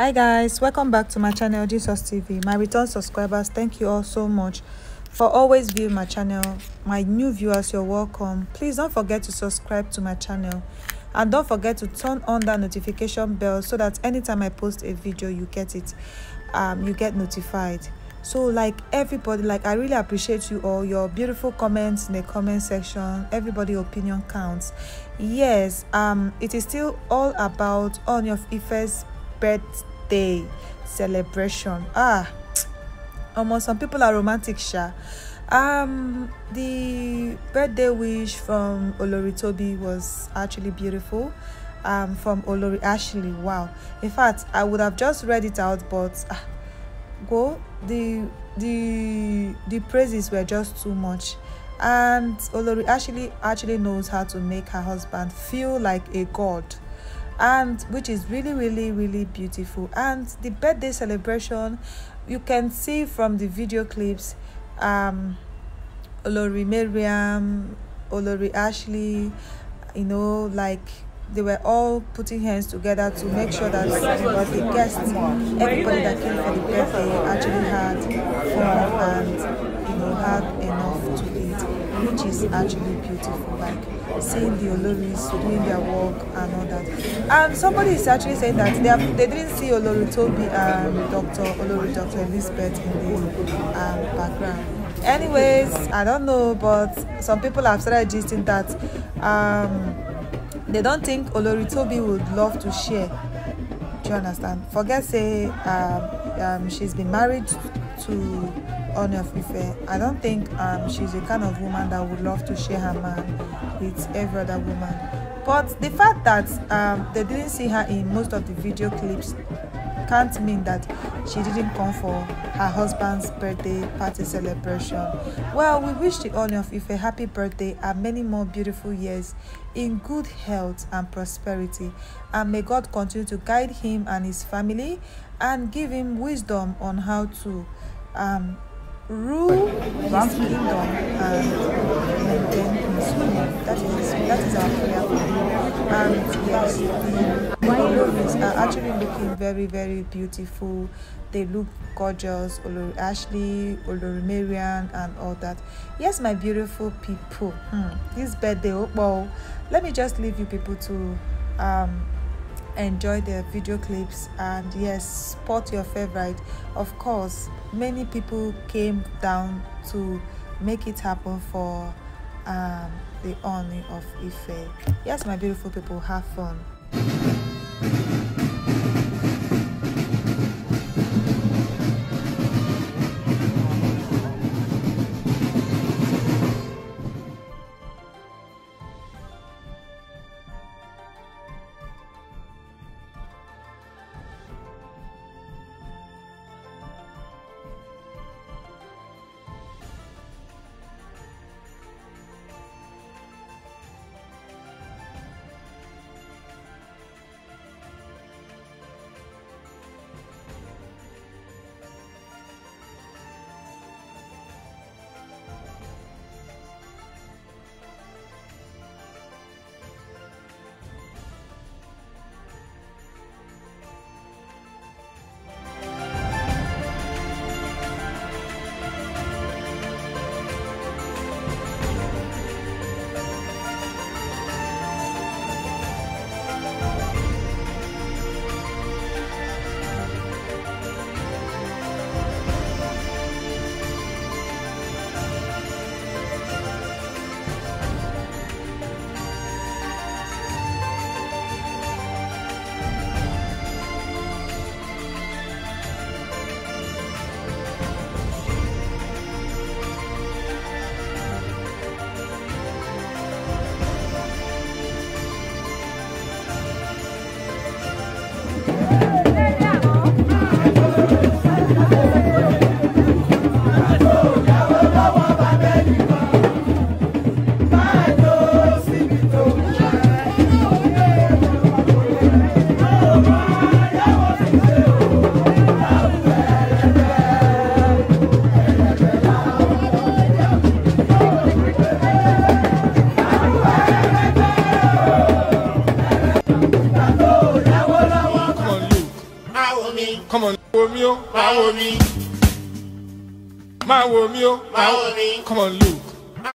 hi guys welcome back to my channel jesus tv my return subscribers thank you all so much for always viewing my channel my new viewers you're welcome please don't forget to subscribe to my channel and don't forget to turn on that notification bell so that anytime i post a video you get it um you get notified so like everybody like i really appreciate you all your beautiful comments in the comment section everybody opinion counts yes um it is still all about on your ifes birthday celebration. Ah, almost some people are romantic, sha. Um, the birthday wish from Olori Toby was actually beautiful. Um, from Olori Ashley. Wow. In fact, I would have just read it out, but ah, go the the the praises were just too much. And Olori Ashley actually knows how to make her husband feel like a god and which is really really really beautiful and the birthday celebration you can see from the video clips um olori miriam olori ashley you know like they were all putting hands together to make sure that everybody, the guests, everybody that came for the birthday actually had fun and you know had enough which is actually beautiful. Like seeing the Oloris doing their work and all that. And somebody is actually saying that they, have, they didn't see Olori Toby and Dr. Olori Dr. Elizabeth in the um, background. Anyways, I don't know, but some people have started gisting that um, they don't think Olori Toby would love to share. Do you understand? Forget say um, um, she's been married to on Onafife. I don't think um, she's the kind of woman that would love to share her man with every other woman. But the fact that um, they didn't see her in most of the video clips can't mean that she didn't come for her husband's birthday party celebration. Well, we wish the Onion of Ife happy birthday and many more beautiful years in good health and prosperity. And may God continue to guide him and his family and give him wisdom on how to um, rule God's kingdom and maintain peace. That is that is our prayer And yes, the are uh, actually looking very very beautiful. They look gorgeous. Olori Ashley, Olori Marian, and all that. Yes, my beautiful people. Hmm. This birthday, oh, well, let me just leave you people to um enjoy their video clips and yes spot your favorite of course many people came down to make it happen for um, the honor of Ife yes my beautiful people have fun wo mi o. Máa Come on, Luke.